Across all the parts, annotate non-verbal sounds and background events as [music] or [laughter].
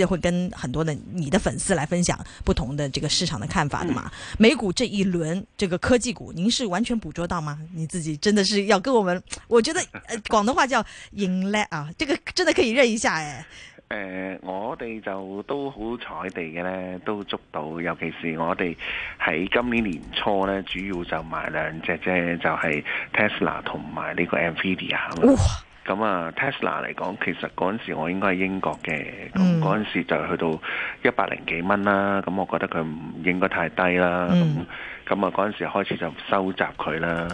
記會跟很多的你的粉絲來分享不同的這個市場的看法的嘛？美股這一輪這個科技股，您是完全捕捉到嗎？你自己真的是要跟我們，我覺得廣東、 [laughs] 呃、話叫贏啦、 [laughs] 嗯、啊，這個真的可以認一下誒。誒、呃，我哋就都好彩地嘅咧，都捉到，尤其是我哋喺今年年初咧，主要就買兩隻啫，就係、是、Tesla 同埋呢個 NVIDIA、哦。咁啊，Tesla 嚟講，其實嗰陣時我應該係英國嘅，咁嗰陣時就去到一百零幾蚊啦。咁我覺得佢唔應該太低啦。咁咁啊，嗰陣時開始就收集佢啦。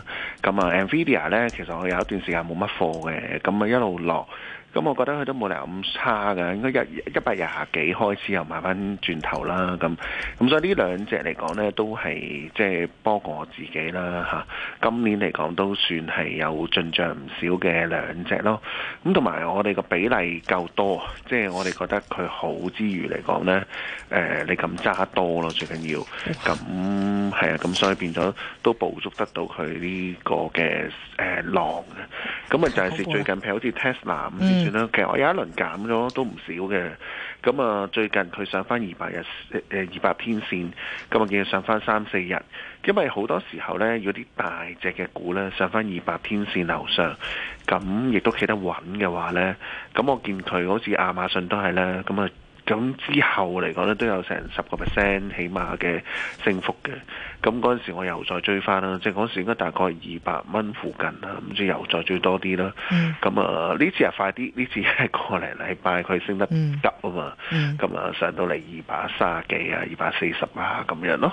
咁啊，Nvidia 咧，其實我有一段時間冇乜貨嘅，咁啊一路落。咁我覺得佢都冇理由咁差㗎。應該一一百廿幾，開始又買返轉頭啦。咁咁所以呢兩隻嚟講呢，都係即係幫過我自己啦吓，啊、今年嚟講都算係有進賬唔少嘅兩隻咯。咁同埋我哋個比例夠多，即係我哋覺得佢好之餘嚟講呢，誒、呃、你咁揸多咯，最緊要。咁係啊，咁所以變咗都捕捉得到佢呢個嘅誒浪，咁啊就係最近譬如好似 Tesla 其實我有一輪減咗都唔少嘅，咁啊最近佢上返二百日誒二百天線，咁啊見佢上返三四日，因為好多時候呢有啲大隻嘅股呢，上返二百天線樓上，咁亦都企得穩嘅話呢。咁我見佢好似亞馬遜都係呢。咁啊。咁之後嚟講咧，都有成十個 percent 起碼嘅升幅嘅。咁嗰陣時，我又再追翻啦。即係嗰時應該大概二百蚊附近啦。咁即又再追多啲啦。咁、嗯、啊，呢次又快啲。呢次係個零禮拜佢升得急啊嘛。咁、嗯嗯、啊，上到嚟二百卅幾啊，二百四十啊，咁樣咯。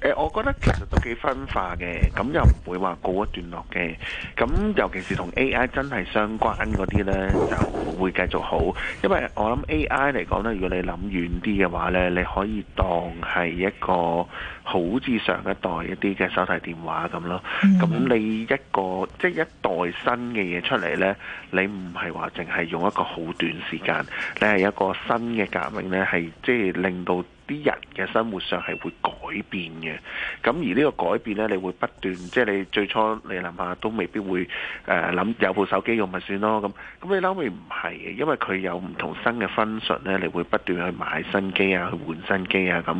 呃，我覺得其實都幾分化嘅，咁又唔會話告一段落嘅。咁尤其是同 AI 真係相關嗰啲呢，就會繼續好。因為我諗 AI 嚟講呢，如果你諗遠啲嘅話呢，你可以當係一個。好似上一代一啲嘅手提電話咁咯，咁你一個即係一代新嘅嘢出嚟咧，你唔係話淨係用一個好短時間，你係一個新嘅革命咧，係即係令到啲人嘅生活上係會改變嘅。咁而呢個改變咧，你會不斷，即係你最初你諗下都未必會誒諗有部手機用咪算咯咁。咁你諗咪唔係嘅，因為佢有唔同的新嘅分述咧，你會不斷去買新機啊，去換新機啊咁。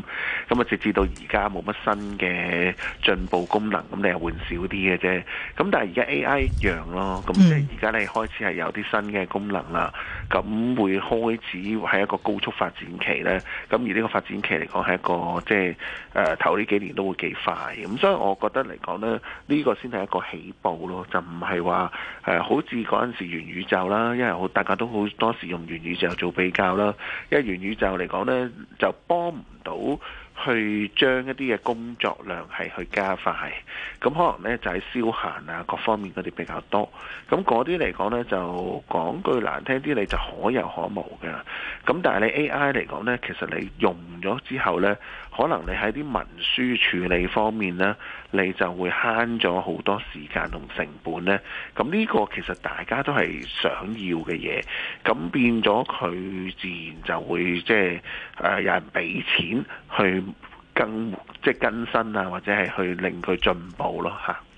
咁啊，直至到而家。冇乜新嘅進步功能，咁你又換少啲嘅啫。咁但係而家 A I 一樣咯，咁即係而家你開始係有啲新嘅功能啦。咁會開始係一個高速發展期咧。咁而呢個發展期嚟講，係一個即係誒，頭呢幾年都會幾快。咁所以我覺得嚟講咧，呢個先係一個起步咯，就唔係話誒，好似嗰陣時元宇宙啦，因為好大家都好多時用元宇宙做比較啦。因為元宇宙嚟講咧，就幫唔到。去將一啲嘅工作量係去加快，咁可能呢就係消閒啊各方面嗰啲比較多，咁嗰啲嚟講呢，就講句難聽啲你就可有可無嘅，咁但係你 AI 嚟講呢，其實你用咗之後呢，可能你喺啲文書處理方面呢，你就會慳咗好多時間同成本呢。咁呢個其實大家都係想要嘅嘢，咁變咗佢自然就會即係、就是、有人俾錢去更即係、就是、更新啊，或者係去令佢進步咯嚇。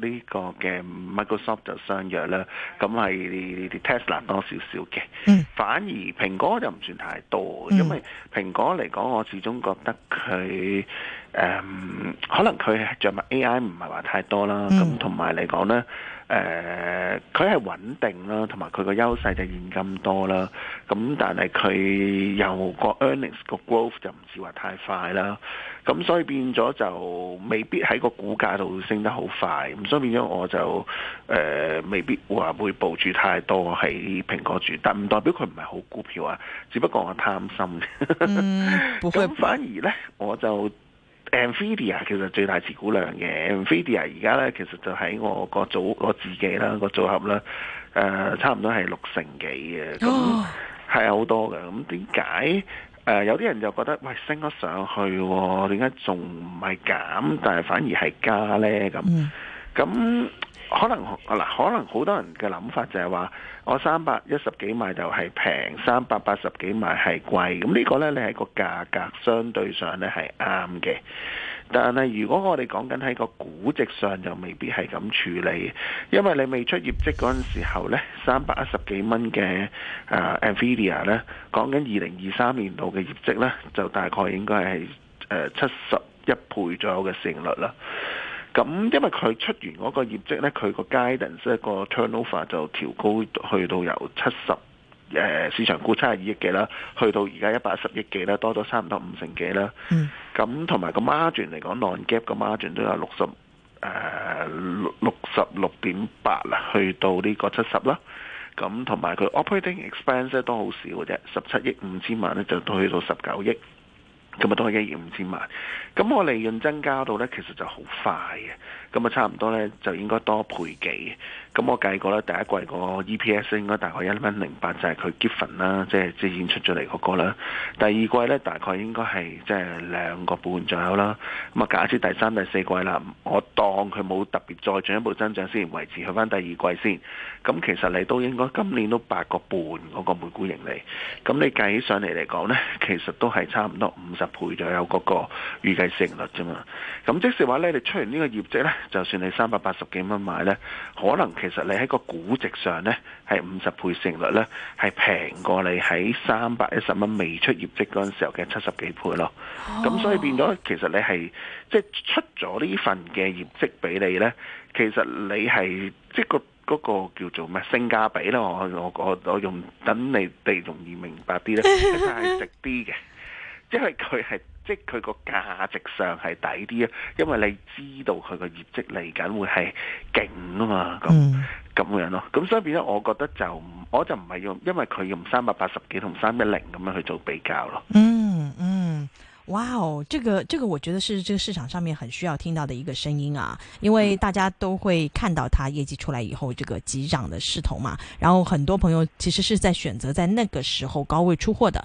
呢個嘅 Microsoft 就相約啦，咁係 Tesla 多少少嘅，反而蘋果就唔算太多，因為蘋果嚟講，我始終覺得佢誒、嗯，可能佢着墨 AI 唔係話太多啦，咁同埋嚟講呢。誒，佢係、呃、穩定啦，同埋佢個優勢就現金多啦。咁但係佢又個 earnings 個 growth 就唔至於話太快啦。咁所以變咗就未必喺個股價度升得好快。咁所以變咗我就誒、呃，未必話會部署太多喺蘋果住，但唔代表佢唔係好股票啊。只不過我貪心。咁、嗯、 [laughs] 反而呢，我就。Nvidia 其實最大持股量嘅 Nvidia 而家咧，其實就喺我個組我自己啦個組合啦，誒、呃、差唔多係六成幾嘅，咁係好多嘅。咁點解誒有啲人就覺得喂升咗上去、啊，點解仲唔係減，但係反而係加咧？咁咁。可能嗱，可能好多人嘅諗法就係話，我三百一十幾買就係平，三百八十幾買係貴。咁呢個呢，你喺個價格相對上呢係啱嘅。但係如果我哋講緊喺個估值上，就未必係咁處理。因為你未出業績嗰陣時候呢，三百一十幾蚊嘅誒 NVIDIA 呢，講緊二零二三年度嘅業績呢，就大概應該係誒七十一倍左右嘅市盈率啦。咁因為佢出完嗰個業績呢，佢個 guidance，個 turnover 就調高去到由七十、呃、市場估七十二億幾啦，去到而家一百一十億幾啦，多咗差唔多五成幾啦。咁同埋個 margin 嚟講，non-GAAP 個 margin 都有六十、呃、誒六十六點八啦，去到個70呢個七十啦。咁同埋佢 operating expense 都好少嘅啫，十七億五千萬呢，就去到十九億。咁啊，多咗一億五千萬，咁我利潤增加到咧，其實就好快嘅，咁啊，差唔多咧，就應該多倍幾。咁我計過啦，第一季個 EPS 應該大概一蚊零八，就係佢 given 啦，即係即係現出咗嚟嗰個啦。第二季呢，大概應該係即係兩個半左右啦。咁啊，假設第三、第四季啦，我當佢冇特別再進一步增長先，維持去翻第二季先。咁其實你都應該今年都八個半嗰個每股盈利。咁你計起上嚟嚟講呢，其實都係差唔多五十倍左右嗰個預計市盈率啫嘛。咁即使話呢，你出完呢個業績呢，就算你三百八十幾蚊買呢，可能其實其實你喺個估值上呢，係五十倍市盈率呢，係平過你喺三百一十蚊未出業績嗰陣時候嘅七十幾倍咯。咁、oh. 所以變咗，其實你係即係出咗呢份嘅業績俾你呢，其實你係即係個嗰個叫做咩性價比咧。我我我用等你哋容易明白啲呢，咧，係值啲嘅，即係佢係。即係佢個價值上係抵啲啊，因為你知道佢個業績嚟緊會係勁啊嘛，咁咁樣咯。咁、嗯、所以咧，我覺得就我就唔係用，因為佢用三百八十幾同三一零咁樣去做比較咯。嗯嗯，哇哦，這個這個我覺得是這個市場上面很需要聽到的一個聲音啊，因為大家都會看到他業績出來以後，這個急漲的勢頭嘛。然後很多朋友其實是在選擇在那個時候高位出貨的。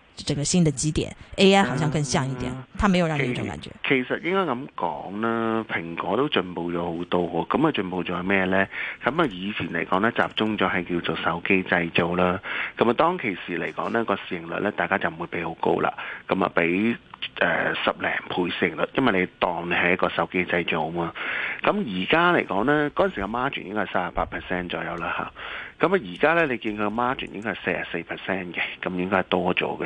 整個新的基點，AI 好像更像一點，嗯、它沒有讓你一種感覺。其實應該咁講啦，蘋果都進步咗好多喎，咁啊進步咗係咩呢？咁啊以前嚟講呢，集中咗係叫做手機製造啦，咁啊當其時嚟講呢，個市盈率呢，大家就唔會比好高啦，咁啊比。誒、呃、十零倍息率，因為你當你係一個手機製造嘛，咁而家嚟講呢，嗰陣時嘅 margin 應該係三十八 percent 左右啦嚇，咁啊而家呢，你見佢個 margin 應該係四十四 percent 嘅，咁應該係多咗嘅，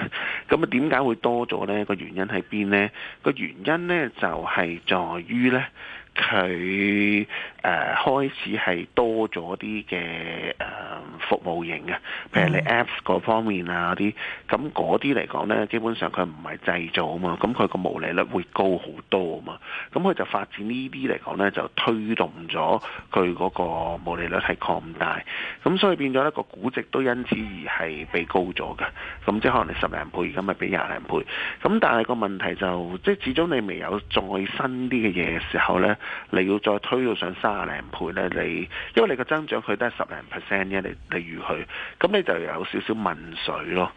咁啊點解會多咗呢？個原因喺邊呢？個原因呢，就係、是、在於呢佢。誒、呃、開始係多咗啲嘅誒服務型嘅，譬如你 Apps 嗰方面啊啲，咁嗰啲嚟講呢，基本上佢唔係製造啊嘛，咁佢個毛利率會高好多啊嘛，咁佢就發展呢啲嚟講呢，就推動咗佢嗰個毛利率係擴大，咁所以變咗呢個估值都因此而係被高咗嘅，咁即可能你十零倍而家咪俾廿零倍，咁但係個問題就即係始終你未有再新啲嘅嘢嘅時候呢，你要再推到上三。廿零倍咧，你因為你個增長，佢都係十零 percent 啫，你例如佢，咁你就有少少問水咯。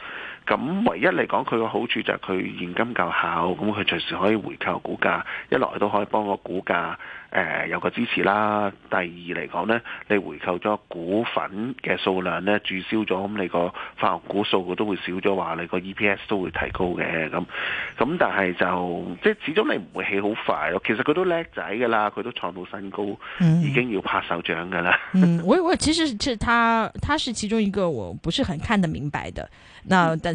咁唯一嚟講，佢個好處就係佢現金夠厚，咁佢隨時可以回購股價，一來都可以幫個股價、呃、有個支持啦。第二嚟講呢，你回購咗股份嘅數量呢，註銷咗，咁你個發行股，股數都會少咗，話你個 EPS 都會提高嘅。咁咁，但係就即係始終你唔會起好快咯。其實佢都叻仔噶啦，佢都創到新高，嗯、已經要拍手掌噶啦、嗯。我我其實佢他他是其中一個我不是很看得明白的，那但。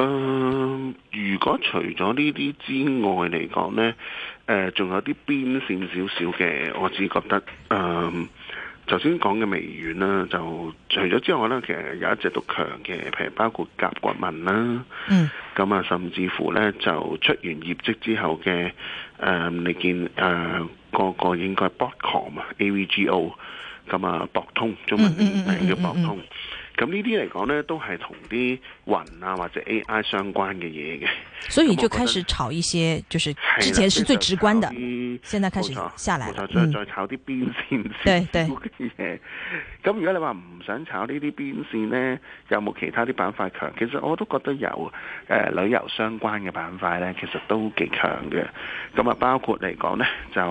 嗯、呃，如果除咗呢啲之外嚟講呢，誒、呃，仲有啲邊線少少嘅，我只覺得，誒、呃，頭先講嘅微軟啦，就除咗之外呢，其實有一隻都強嘅，譬如包括甲骨文啦，嗯，咁啊、嗯、甚至乎呢，就出完業績之後嘅，誒、嗯，你見誒、呃，個個應該係 Broadcom 啊，AVGO，咁啊博通，中文名叫博通、嗯，咁呢啲嚟講呢，都係同啲。雲啊，或者 AI 相關嘅嘢嘅，所以你就開始炒一些，就是之前是最直觀的，的現在開始下來了，冇錯，再、嗯、再炒啲邊線啲嘢。咁如果你話唔想炒呢啲邊線咧，有冇其他啲板塊強？其實我都覺得有，誒、嗯呃、旅遊相關嘅板塊咧，其實都幾強嘅。咁啊，包括嚟講咧，就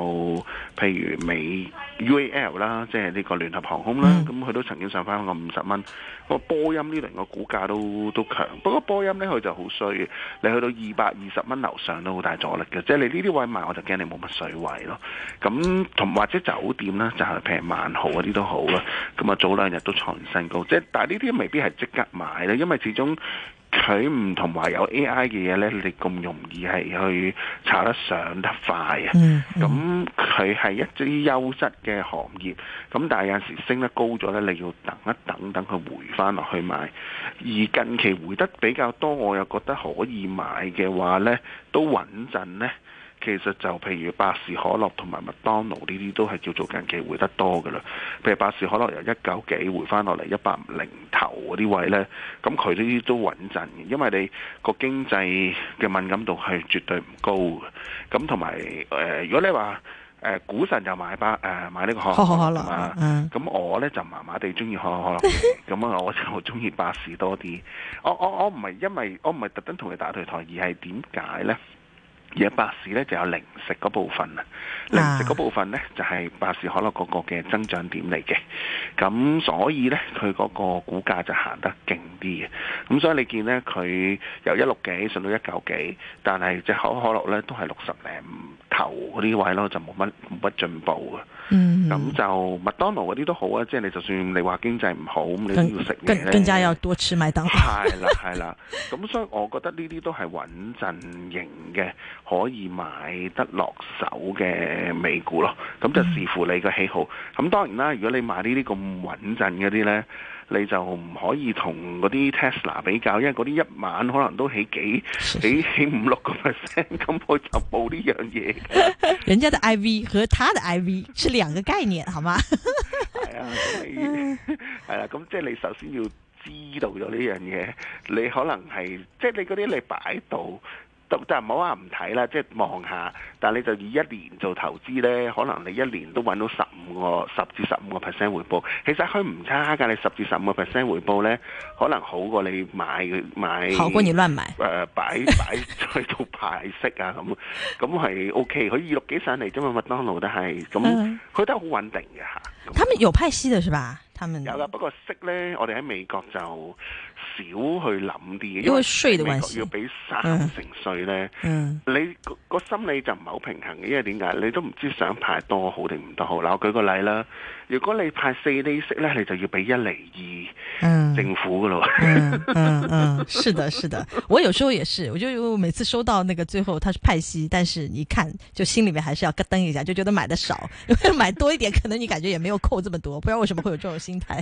譬如美 UAL 啦、嗯，即係呢個聯合航空啦，咁佢都曾經上翻個五十蚊。個波音呢輪個股價都都。強不過波音咧，佢就好衰嘅。你去到二百二十蚊樓上都好大阻力嘅，即係你呢啲位買我就驚你冇乜水位咯。咁同或者酒店啦，就係譬如萬豪嗰啲都好啦。咁啊，早兩日都創新高，即係但係呢啲未必係即刻買咧，因為始終。佢唔同埋有 AI 嘅嘢呢，你咁容易係去炒得上得快啊！咁佢係一啲優質嘅行業，咁但係有時升得高咗呢，你要等一等，等佢回返落去買。而近期回得比較多，我又覺得可以買嘅話呢，都穩陣呢。其實就譬如百事可樂同埋麥當勞呢啲都係叫做近期回得多嘅啦。譬如百事可樂由一九幾回翻落嚟一百零頭嗰啲位呢，咁佢呢啲都穩陣嘅，因為你個經濟嘅敏感度係絕對唔高。咁同埋誒，如果你話誒、呃、股神就買百誒、呃、買呢個可可可樂，咁我呢就麻麻地中意可可可樂，咁啊我就中意百事多啲。我我我唔係因為我唔係特登同你打對台，而係點解呢？而百事咧就有零食嗰部分啊，零食嗰部分咧就係百事可樂嗰個嘅增長點嚟嘅，咁所以咧佢嗰個股價就行得勁啲嘅，咁所以你見咧佢由一六幾上到一九幾，但係隻可口可樂咧都係六十零頭嗰啲位咯，就冇乜冇乜進步嘅。咁、嗯嗯、就麥當勞嗰啲都好啊，即係你就算你話經濟唔好，咁更你都要食更，更加要多吃麥當勞。係啦係啦，咁所以我覺得呢啲都係穩陣型嘅。可以買得落手嘅美股咯，咁就視乎你嘅喜好。咁當然啦，如果你買呢啲咁穩陣嗰啲呢，你就唔可以同嗰啲 Tesla 比較，因為嗰啲一晚可能都起幾起起五六個 percent，咁我就冇呢樣嘢。人家的 IV 和他的 IV 是兩個概念，好嗎？係啊，係啦，咁即係你首先要知道咗呢樣嘢，你可能係即係你嗰啲你擺喺度。但係唔好話唔睇啦，即係望下。但係你就以一年做投資咧，可能你一年都揾到十五個十至十五個 percent 回報。其實佢唔差噶，你十至十五個 percent 回報咧，可能好過你買買。好過你亂買。誒，擺擺再到派息啊，咁咁係 OK。佢二六幾上嚟啫嘛，麥當勞都係咁，佢都好穩定嘅嚇。他們有派息嘅，是吧？他們有啦，不過息咧，我哋喺美國就。少去諗啲嘢，因為美國要俾三成稅咧，嗯嗯、你個心理就唔係好平衡嘅。因為點解？你都唔知道想派多好定唔多好。嗱，我舉個例啦，如果你派四厘息呢，你就要俾一厘二。嗯，政府嘅咯、嗯，嗯嗯嗯，是的，是的，我有時候也是，我就每次收到那個最後他是派息，但是一看就心裏面還是要咯噔一下，就覺得買的少，因為買多一點可能你感覺也沒有扣這麼多，不知道為什麼會有這種心態。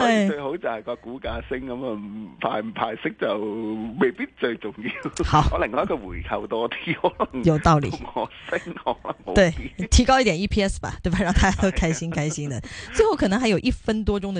對啊、 [laughs] 最好就係個股價升咁啊，派唔派息就未必最重要。好，我另外一個回購多啲，我有道理。我升我對，提高一點 EPS 吧，對吧？讓大家都開心、啊、開心的。最後可能還有一分多鐘的。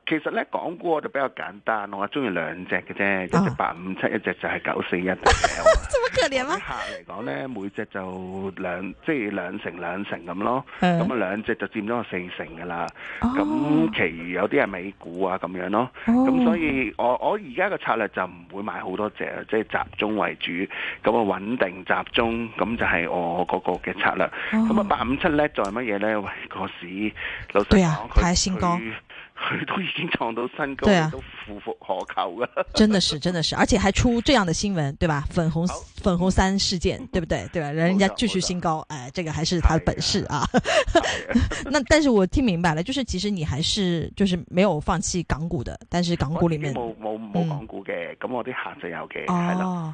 其實咧港股我就比較簡單，我中意兩隻嘅啫，oh. 一隻八五七，一隻就係九四一。這麼可憐嗎、啊？客嚟講咧，每隻就兩即係兩成兩成咁咯。咁啊，兩隻就佔咗個四成噶啦。咁、oh. 其餘有啲係美股啊咁樣咯。咁、oh. 所以我我而家嘅策略就唔會買好多隻，即、就、係、是、集中為主。咁啊穩定集中，咁就係我嗰個嘅策略。咁啊八五七咧，再乜嘢咧？喂，個市老實講佢佢。佢都已經創到新高，對啊、都夫復何求噶真的是，真的是，而且還出這樣的新聞，對吧？粉紅粉紅三事件，對不對？對吧？人人家繼續新高，哎，這個還是他的本事啊。啊啊啊那，但是我聽明白了，就是其實你還是就是沒有放棄港股的，但是港股裏面冇冇冇港股嘅，咁、嗯、我啲恒指有嘅，係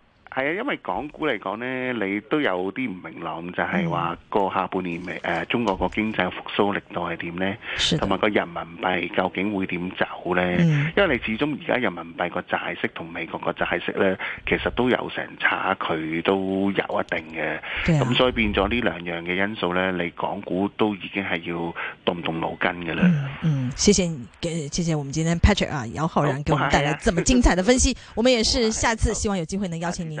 係啊，因為港股嚟講呢，你都有啲唔明朗，就係話個下半年誒、呃，中國個經濟復蘇力度係點呢？同埋個人民幣究竟會點走呢？的因為你始終而家人民幣個債息同美國個債息呢，其實都有成差距，都有一定嘅。咁、啊、所以變咗呢兩樣嘅因素呢，你港股都已經係要動動腦筋嘅啦。嗯，謝謝，給謝謝我們今天 Patrick 啊，姚浩然給我們帶來這麼精彩的分析。哦啊、 [laughs] 我們也是下次希望有機會能邀請您。